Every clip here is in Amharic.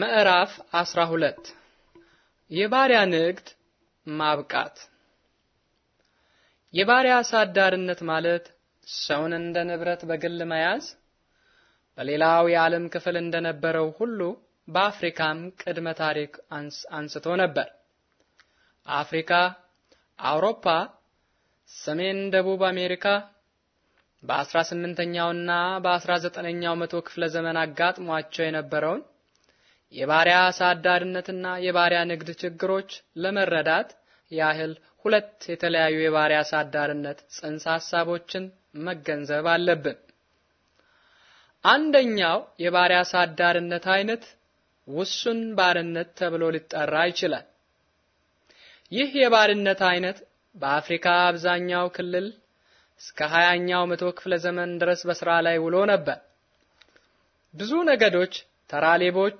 ምዕራፍ 12 የባሪያ ንግድ ማብቃት። የባሪያ ሳዳርነት ማለት ሰውን እንደ ንብረት በግል መያዝ በሌላው የዓለም ክፍል እንደነበረው ሁሉ በአፍሪካም ቅድመ ታሪክ አንስቶ ነበር። አፍሪካ፣ አውሮፓ፣ ሰሜን ደቡብ አሜሪካ በ18ኛውና በ19ኛው መቶ ክፍለ ዘመን አጋጥሟቸው የነበረውን የባሪያ አሳዳሪነትና የባሪያ ንግድ ችግሮች ለመረዳት ያህል ሁለት የተለያዩ የባሪያ አሳዳሪነት ጽንሰ ሐሳቦችን መገንዘብ አለብን። አንደኛው የባሪያ አሳዳሪነት አይነት ውሱን ባርነት ተብሎ ሊጠራ ይችላል። ይህ የባርነት አይነት በአፍሪካ አብዛኛው ክልል እስከ 20ኛው መቶ ክፍለ ዘመን ድረስ በስራ ላይ ውሎ ነበር። ብዙ ነገዶች፣ ተራሌቦች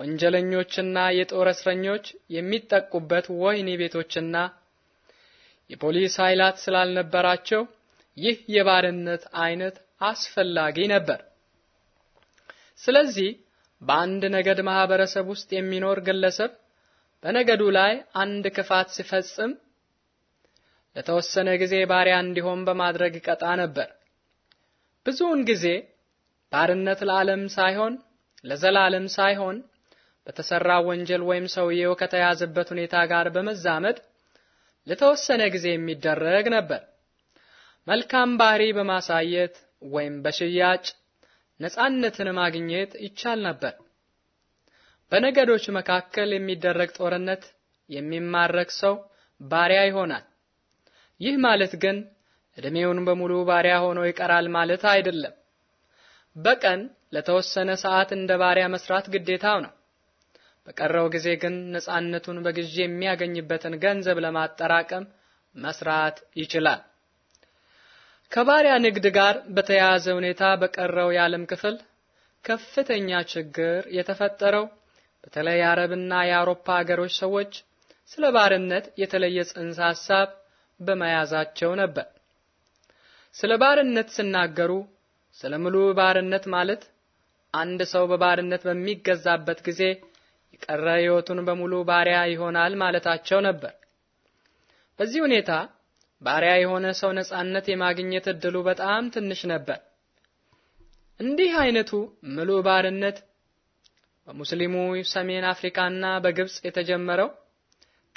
ወንጀለኞችና የጦር እስረኞች የሚጠቁበት ወህኒ ቤቶችና የፖሊስ ኃይላት ስላልነበራቸው ይህ የባርነት አይነት አስፈላጊ ነበር። ስለዚህ በአንድ ነገድ ማህበረሰብ ውስጥ የሚኖር ግለሰብ በነገዱ ላይ አንድ ክፋት ሲፈጽም ለተወሰነ ጊዜ ባሪያ እንዲሆን በማድረግ ይቀጣ ነበር። ብዙውን ጊዜ ባርነት ለዓለም ሳይሆን ለዘላለም ሳይሆን በተሰራው ወንጀል ወይም ሰውየው ከተያዘበት ሁኔታ ጋር በመዛመድ ለተወሰነ ጊዜ የሚደረግ ነበር። መልካም ባህሪ በማሳየት ወይም በሽያጭ ነጻነትን ማግኘት ይቻል ነበር። በነገዶች መካከል የሚደረግ ጦርነት የሚማረክ ሰው ባሪያ ይሆናል። ይህ ማለት ግን እድሜውን በሙሉ ባሪያ ሆኖ ይቀራል ማለት አይደለም። በቀን ለተወሰነ ሰዓት እንደ ባሪያ መስራት ግዴታው ነው። በቀረው ጊዜ ግን ነፃነቱን በግዢ የሚያገኝበትን ገንዘብ ለማጠራቀም መስራት ይችላል። ከባሪያ ንግድ ጋር በተያያዘ ሁኔታ በቀረው የዓለም ክፍል ከፍተኛ ችግር የተፈጠረው በተለይ የአረብና የአውሮፓ ሀገሮች ሰዎች ስለ ባርነት የተለየ ጽንሰ ሐሳብ በመያዛቸው ነበር። ስለ ባርነት ሲናገሩ ስለ ሙሉ ባርነት ማለት አንድ ሰው በባርነት በሚገዛበት ጊዜ የቀረ ሕይወቱን በሙሉ ባሪያ ይሆናል ማለታቸው ነበር። በዚህ ሁኔታ ባሪያ የሆነ ሰው ነጻነት የማግኘት እድሉ በጣም ትንሽ ነበር። እንዲህ አይነቱ ምሉ ባርነት በሙስሊሙ ሰሜን አፍሪካና በግብጽ የተጀመረው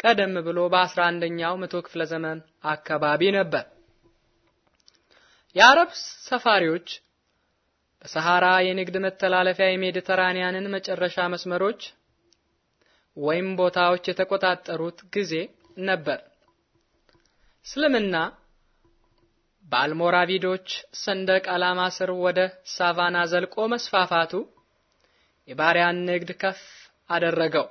ቀደም ብሎ በ11ኛው መቶ ክፍለ ዘመን አካባቢ ነበር። የአረብ ሰፋሪዎች በሰሃራ የንግድ መተላለፊያ የሜዲተራኒያንን መጨረሻ መስመሮች ወይም ቦታዎች የተቆጣጠሩት ጊዜ ነበር። እስልምና በአልሞራቪዶች ሰንደቅ ዓላማ ስር ወደ ሳቫና ዘልቆ መስፋፋቱ የባሪያን ንግድ ከፍ አደረገው።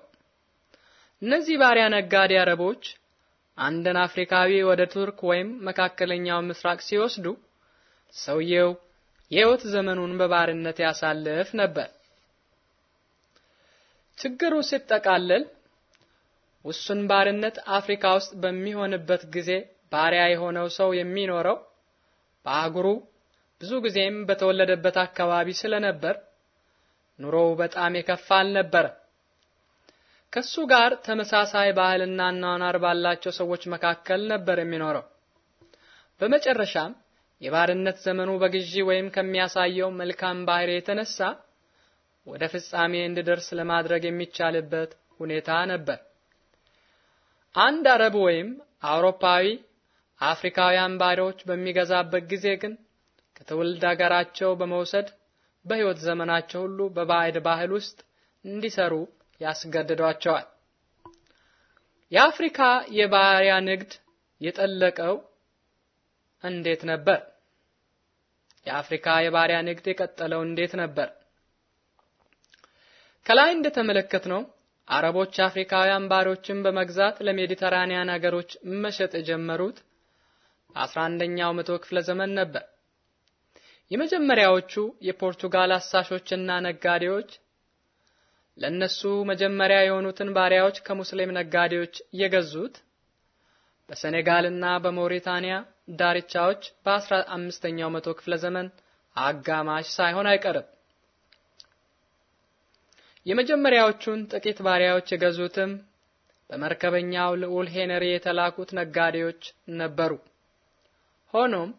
እነዚህ ባሪያ ነጋዴ አረቦች አንድን አፍሪካዊ ወደ ቱርክ ወይም መካከለኛው ምስራቅ ሲወስዱ ሰውየው የሕይወት ዘመኑን በባርነት ያሳልፍ ነበር። ችግሩ ሲጠቃለል ውሱን ባርነት አፍሪካ ውስጥ በሚሆንበት ጊዜ ባሪያ የሆነው ሰው የሚኖረው በአህጉሩ ብዙ ጊዜም በተወለደበት አካባቢ ስለነበር ኑሮው በጣም የከፋ አልነበረ። ከሱ ጋር ተመሳሳይ ባህልና አኗኗር ባላቸው ሰዎች መካከል ነበር የሚኖረው። በመጨረሻም የባርነት ዘመኑ በግዢ ወይም ከሚያሳየው መልካም ባህሪ የተነሳ ወደ ፍጻሜ እንዲደርስ ለማድረግ የሚቻልበት ሁኔታ ነበር። አንድ አረብ ወይም አውሮፓዊ አፍሪካውያን ባሪያዎች በሚገዛበት ጊዜ ግን ከትውልድ ሀገራቸው በመውሰድ በሕይወት ዘመናቸው ሁሉ በባዕድ ባህል ውስጥ እንዲሰሩ ያስገድዷቸዋል። የአፍሪካ የባሪያ ንግድ የጠለቀው እንዴት ነበር? የአፍሪካ የባሪያ ንግድ የቀጠለው እንዴት ነበር? ከላይ እንደተመለከት ነው አረቦች አፍሪካውያን ባሮችን በመግዛት ለሜዲተራኒያን አገሮች መሸጥ የጀመሩት በ11ኛው መቶ ክፍለ ዘመን ነበር። የመጀመሪያዎቹ የፖርቱጋል አሳሾችና ነጋዴዎች ለነሱ መጀመሪያ የሆኑትን ባሪያዎች ከሙስሊም ነጋዴዎች የገዙት በሴኔጋልና በሞሪታንያ ዳርቻዎች በ15ኛው መቶ ክፍለ ዘመን አጋማሽ ሳይሆን አይቀርም። የመጀመሪያዎቹን ጥቂት ባሪያዎች የገዙትም በመርከበኛው ልዑል ሄነሪ የተላኩት ነጋዴዎች ነበሩ። ሆኖም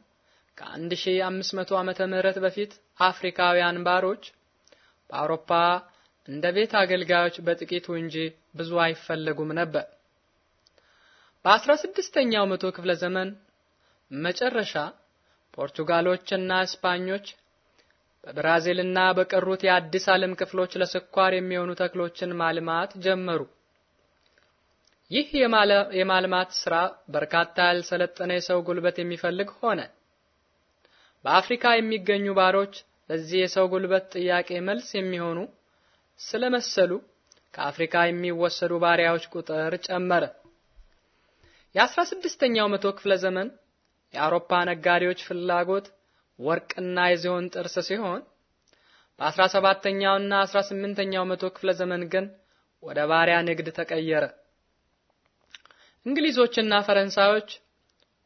ከ1500 ዓመተ ምህረት በፊት አፍሪካውያን ባሮች በአውሮፓ እንደ ቤት አገልጋዮች በጥቂቱ እንጂ ብዙ አይፈለጉም ነበር። በ16ኛው መቶ ክፍለ ዘመን መጨረሻ ፖርቱጋሎችና እስፓኞች በብራዚልና በቀሩት የአዲስ ዓለም ክፍሎች ለስኳር የሚሆኑ ተክሎችን ማልማት ጀመሩ። ይህ የማልማት ስራ በርካታ ያልሰለጠነ የሰው ጉልበት የሚፈልግ ሆነ። በአፍሪካ የሚገኙ ባሮች ለዚህ የሰው ጉልበት ጥያቄ መልስ የሚሆኑ ስለመሰሉ ከአፍሪካ የሚወሰዱ ባሪያዎች ቁጥር ጨመረ። የ16ኛው መቶ ክፍለ ዘመን የአውሮፓ ነጋዴዎች ፍላጎት ወርቅና የዝሆን ጥርስ ሲሆን በ17ኛውና 18ኛው መቶ ክፍለ ዘመን ግን ወደ ባሪያ ንግድ ተቀየረ። እንግሊዞችና ፈረንሳዮች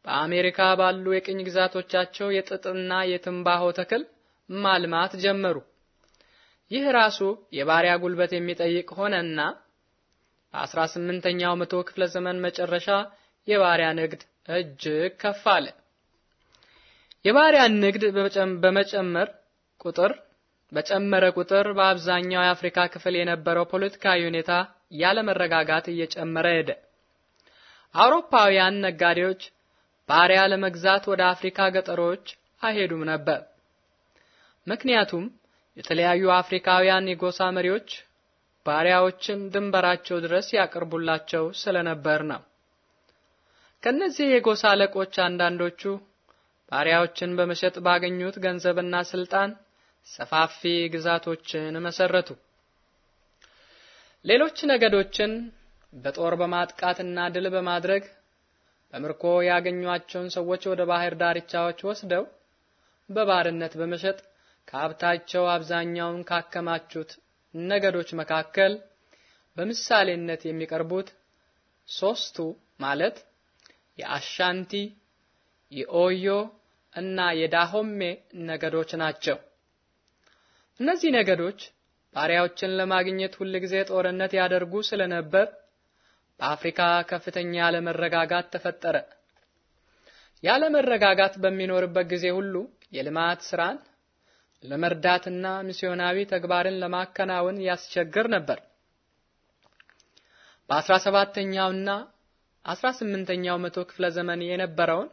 በአሜሪካ ባሉ የቅኝ ግዛቶቻቸው የጥጥና የትንባሆ ተክል ማልማት ጀመሩ። ይህ ራሱ የባሪያ ጉልበት የሚጠይቅ ሆነና በ18ኛው መቶ ክፍለ ዘመን መጨረሻ የባሪያ ንግድ እጅግ ከፍ አለ። የባሪያን ንግድ በመጨመር ቁጥር በጨመረ ቁጥር በአብዛኛው የአፍሪካ ክፍል የነበረው ፖለቲካዊ ሁኔታ ያለመረጋጋት እየጨመረ ሄደ። አውሮፓውያን ነጋዴዎች ባሪያ ለመግዛት ወደ አፍሪካ ገጠሮች አይሄዱም ነበር። ምክንያቱም የተለያዩ አፍሪካውያን የጎሳ መሪዎች ባሪያዎችን ድንበራቸው ድረስ ያቀርቡላቸው ስለነበር ነው። ከነዚህ የጎሳ አለቆች አንዳንዶቹ ባሪያዎችን በመሸጥ ባገኙት ገንዘብና ስልጣን ሰፋፊ ግዛቶችን መሰረቱ። ሌሎች ነገዶችን በጦር በማጥቃትና ድል በማድረግ በምርኮ ያገኟቸውን ሰዎች ወደ ባህር ዳርቻዎች ወስደው በባርነት በመሸጥ ከሀብታቸው አብዛኛውን ካከማቹት ነገዶች መካከል በምሳሌነት የሚቀርቡት ሶስቱ ማለት የአሻንቲ፣ የኦዮ እና የዳሆሜ ነገዶች ናቸው። እነዚህ ነገዶች ባሪያዎችን ለማግኘት ሁልጊዜ ጦርነት ያደርጉ ስለነበር በአፍሪካ ከፍተኛ አለመረጋጋት ተፈጠረ። ያለመረጋጋት በሚኖርበት ጊዜ ሁሉ የልማት ስራን ለመርዳትና ሚስዮናዊ ተግባርን ለማከናወን ያስቸግር ነበር። በ17ኛውና 18ኛው መቶ ክፍለ ዘመን የነበረውን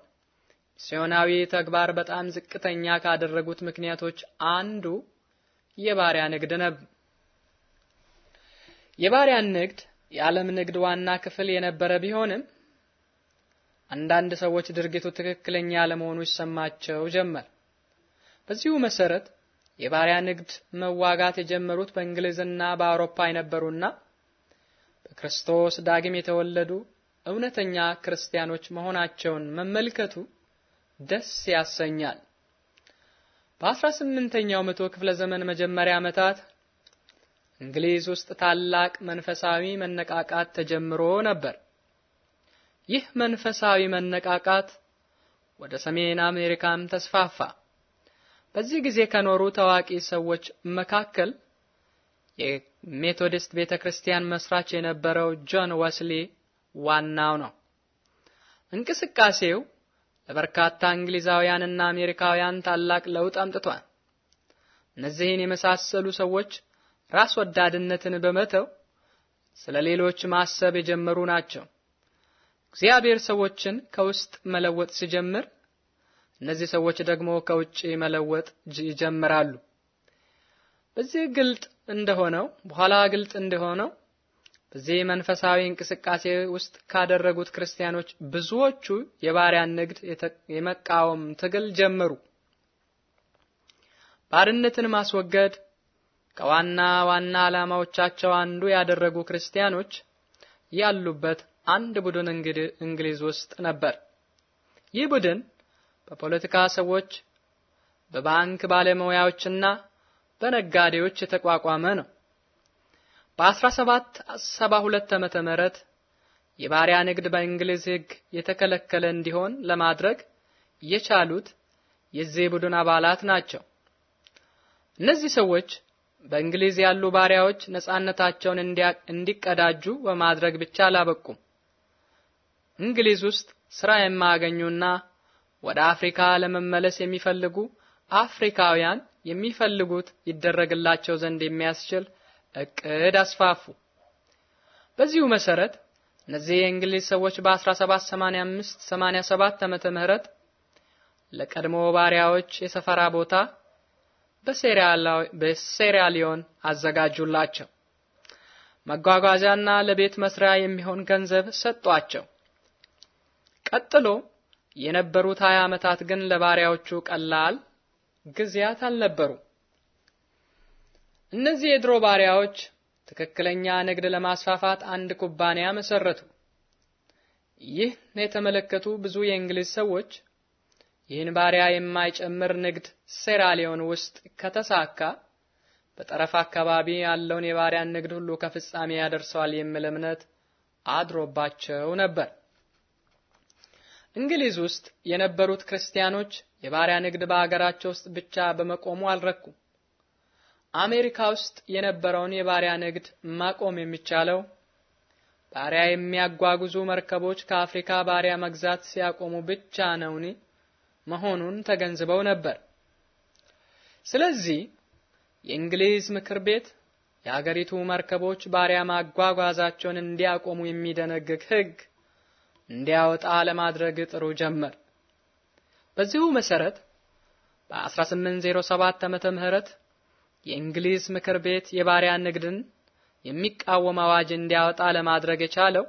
ሚስዮናዊ ተግባር በጣም ዝቅተኛ ካደረጉት ምክንያቶች አንዱ የባሪያ ንግድ ነው። የባሪያ ንግድ የዓለም ንግድ ዋና ክፍል የነበረ ቢሆንም አንዳንድ ሰዎች ድርጊቱ ትክክለኛ አለመሆኑ ይሰማቸው ጀመር። በዚሁ መሰረት የባሪያ ንግድ መዋጋት የጀመሩት በእንግሊዝና በአውሮፓ የነበሩና በክርስቶስ ዳግም የተወለዱ እውነተኛ ክርስቲያኖች መሆናቸውን መመልከቱ ደስ ያሰኛል። በ18ኛው መቶ ክፍለ ዘመን መጀመሪያ ዓመታት እንግሊዝ ውስጥ ታላቅ መንፈሳዊ መነቃቃት ተጀምሮ ነበር። ይህ መንፈሳዊ መነቃቃት ወደ ሰሜን አሜሪካም ተስፋፋ። በዚህ ጊዜ ከኖሩ ታዋቂ ሰዎች መካከል የሜቶዲስት ቤተክርስቲያን መስራች የነበረው ጆን ዌስሊ ዋናው ነው። እንቅስቃሴው ለበርካታ እንግሊዛውያንና አሜሪካውያን ታላቅ ለውጥ አምጥቷል። እነዚህን የመሳሰሉ ሰዎች ራስ ወዳድነትን በመተው ስለ ሌሎች ማሰብ የጀመሩ ናቸው። እግዚአብሔር ሰዎችን ከውስጥ መለወጥ ሲጀምር፣ እነዚህ ሰዎች ደግሞ ከውጭ መለወጥ ይጀምራሉ። በዚህ ግልጥ እንደሆነው በኋላ ግልጥ እንደሆነው እዚህ መንፈሳዊ እንቅስቃሴ ውስጥ ካደረጉት ክርስቲያኖች ብዙዎቹ የባሪያን ንግድ የመቃወም ትግል ጀመሩ። ባርነትን ማስወገድ ከዋና ዋና ዓላማዎቻቸው አንዱ ያደረጉ ክርስቲያኖች ያሉበት አንድ ቡድን እንግሊዝ ውስጥ ነበር። ይህ ቡድን በፖለቲካ ሰዎች፣ በባንክ ባለሙያዎችና በነጋዴዎች የተቋቋመ ነው። በ1772 ዓመተ ምህረት የባሪያ ንግድ በእንግሊዝ ሕግ የተከለከለ እንዲሆን ለማድረግ የቻሉት የዚህ ቡድን አባላት ናቸው። እነዚህ ሰዎች በእንግሊዝ ያሉ ባሪያዎች ነጻነታቸውን እንዲቀዳጁ በማድረግ ብቻ አላበቁም። እንግሊዝ ውስጥ ስራ የማያገኙና ወደ አፍሪካ ለመመለስ የሚፈልጉ አፍሪካውያን የሚፈልጉት ይደረግላቸው ዘንድ የሚያስችል እቅድ አስፋፉ። በዚሁ መሰረት እነዚህ የእንግሊዝ ሰዎች በ1785 87 ዓመተ ምህረት ለቀድሞ ባሪያዎች የሰፈራ ቦታ በሴራሊዮን አዘጋጁላቸው። መጓጓዣና ለቤት መስሪያ የሚሆን ገንዘብ ሰጧቸው። ቀጥሎ የነበሩት 20 ዓመታት ግን ለባሪያዎቹ ቀላል ጊዜያት አልነበሩ። እነዚህ የድሮ ባሪያዎች ትክክለኛ ንግድ ለማስፋፋት አንድ ኩባንያ መሰረቱ። ይህ የተመለከቱ ብዙ የእንግሊዝ ሰዎች ይህን ባሪያ የማይጨምር ንግድ ሴራሊዮን ውስጥ ከተሳካ በጠረፍ አካባቢ ያለውን የባሪያን ንግድ ሁሉ ከፍጻሜ ያደርሰዋል የሚል እምነት አድሮባቸው ነበር። እንግሊዝ ውስጥ የነበሩት ክርስቲያኖች የባሪያ ንግድ በአገራቸው ውስጥ ብቻ በመቆሙ አልረኩም። አሜሪካ ውስጥ የነበረውን የባሪያ ንግድ ማቆም የሚቻለው ባሪያ የሚያጓጉዙ መርከቦች ከአፍሪካ ባሪያ መግዛት ሲያቆሙ ብቻ ነውኒ መሆኑን ተገንዝበው ነበር። ስለዚህ የእንግሊዝ ምክር ቤት የሀገሪቱ መርከቦች ባሪያ ማጓጓዛቸውን እንዲያቆሙ የሚደነግግ ሕግ እንዲያወጣ ለማድረግ ጥሩ ጀመር። በዚሁ መሰረት በ1807 ዓመተ ምህረት የእንግሊዝ ምክር ቤት የባሪያ ንግድን የሚቃወም አዋጅ እንዲያወጣ ለማድረግ የቻለው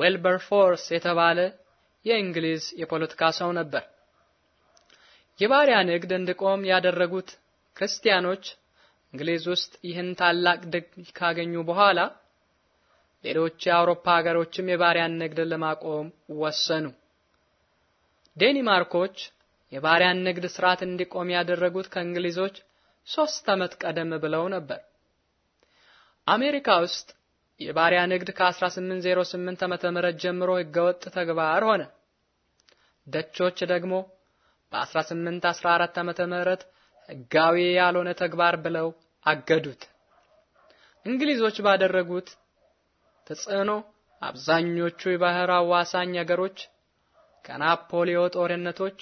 ዌልበርፎርስ የተባለ የእንግሊዝ የፖለቲካ ሰው ነበር። የባሪያ ንግድ እንዲቆም ያደረጉት ክርስቲያኖች እንግሊዝ ውስጥ ይህን ታላቅ ድል ካገኙ በኋላ ሌሎች የአውሮፓ ሀገሮችም የባሪያን ንግድ ለማቆም ወሰኑ። ዴኒማርኮች የባሪያን ንግድ ስርዓት እንዲቆም ያደረጉት ከእንግሊዞች ሶስት ዓመት ቀደም ብለው ነበር። አሜሪካ ውስጥ የባሪያ ንግድ ከ1808 ዓመተ ምህረት ጀምሮ ህገወጥ ተግባር ሆነ። ደቾች ደግሞ በ1814 ዓመተ ምህረት ህጋዊ ያልሆነ ተግባር ብለው አገዱት። እንግሊዞች ባደረጉት ተጽዕኖ አብዛኞቹ የባህር አዋሳኝ ሀገሮች ከናፖሊዮ ጦርነቶች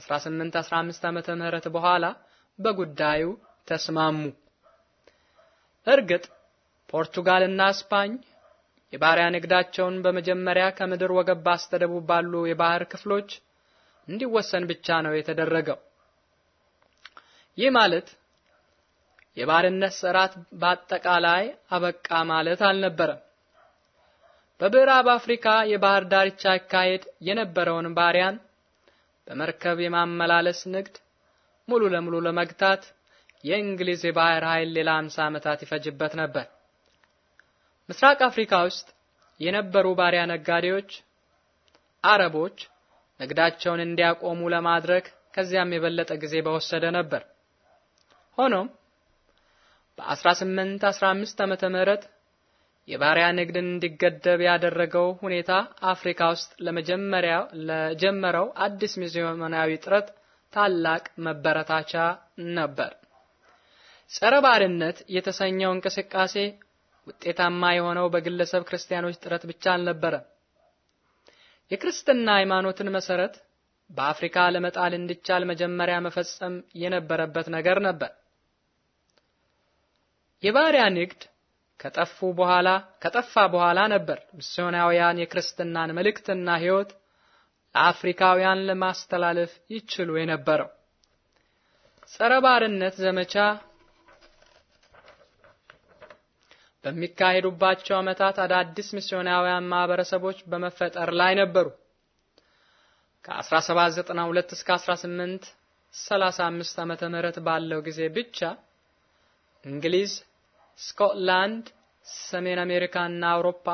1815 ዓመተ ምህረት በኋላ በጉዳዩ ተስማሙ። እርግጥ ፖርቱጋልና ስፓኝ የባሪያ ንግዳቸውን በመጀመሪያ ከምድር ወገብ አስተደቡ ባሉ የባህር ክፍሎች እንዲወሰን ብቻ ነው የተደረገው። ይህ ማለት የባርነት ስርዓት በአጠቃላይ አበቃ ማለት አልነበረም። በምዕራብ አፍሪካ የባህር ዳርቻ አካሄድ የነበረውን ባሪያን በመርከብ የማመላለስ ንግድ ሙሉ ለሙሉ ለመግታት የእንግሊዝ የባህር ኃይል ሌላ 50 ዓመታት ይፈጅበት ነበር። ምስራቅ አፍሪካ ውስጥ የነበሩ ባሪያ ነጋዴዎች አረቦች ንግዳቸውን እንዲያቆሙ ለማድረግ ከዚያም የበለጠ ጊዜ በወሰደ ነበር። ሆኖም በ1815 ዓመተ ምህረት የባሪያ ንግድን እንዲገደብ ያደረገው ሁኔታ አፍሪካ ውስጥ ለመጀመሪያ ለጀመረው አዲስ ሚስዮናዊ ጥረት ታላቅ መበረታቻ ነበር። ጸረ ባርነት የተሰኘው እንቅስቃሴ ውጤታማ የሆነው በግለሰብ ክርስቲያኖች ጥረት ብቻ አልነበረም። የክርስትና ሃይማኖትን መሰረት በአፍሪካ ለመጣል እንዲቻል መጀመሪያ መፈጸም የነበረበት ነገር ነበር። የባሪያ ንግድ ከጠፉ በኋላ ከጠፋ በኋላ ነበር ሚስዮናውያን የክርስትናን መልእክትና ሕይወት ለአፍሪካውያን ለማስተላለፍ ይችሉ የነበረው። ጸረ ባርነት ዘመቻ በሚካሄዱባቸው ዓመታት አዳዲስ ሚስዮናውያን ማህበረሰቦች በመፈጠር ላይ ነበሩ። ከ1792 እስከ 1835 ዓመተ ምህረት ባለው ጊዜ ብቻ እንግሊዝ፣ ስኮትላንድ፣ ሰሜን አሜሪካ እና አውሮፓ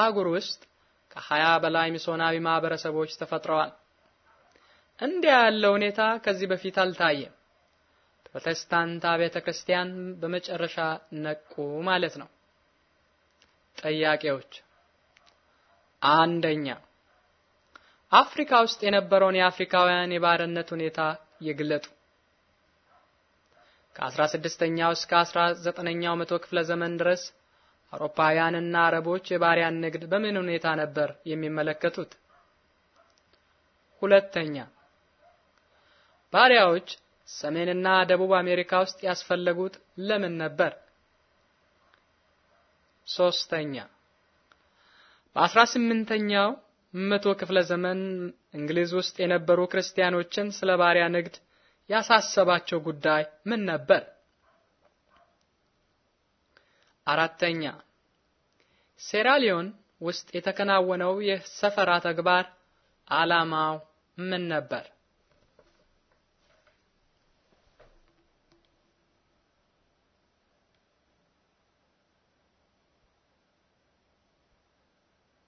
አህጉር ውስጥ ከሀያ በላይ ሚሶናዊ ማህበረሰቦች ተፈጥረዋል። እንዲያ ያለው ሁኔታ ከዚህ በፊት አልታየም። ፕሮቴስታንት አብያተ ክርስቲያን በመጨረሻ ነቁ ማለት ነው። ጥያቄዎች፣ አንደኛ አፍሪካ ውስጥ የነበረውን የአፍሪካውያን የባርነት ሁኔታ ይግለጡ። ከ16ኛው እስከ 19ኛው መቶ ክፍለ ዘመን ድረስ አውሮፓውያንና አረቦች የባሪያን ንግድ በምን ሁኔታ ነበር የሚመለከቱት? ሁለተኛ ባሪያዎች ሰሜንና ደቡብ አሜሪካ ውስጥ ያስፈለጉት ለምን ነበር? ሶስተኛ በ18ኛው መቶ ክፍለ ዘመን እንግሊዝ ውስጥ የነበሩ ክርስቲያኖችን ስለ ባሪያ ንግድ ያሳሰባቸው ጉዳይ ምን ነበር? አራተኛ ሴራሊዮን ውስጥ የተከናወነው የሰፈራ ተግባር ዓላማው ምን ነበር?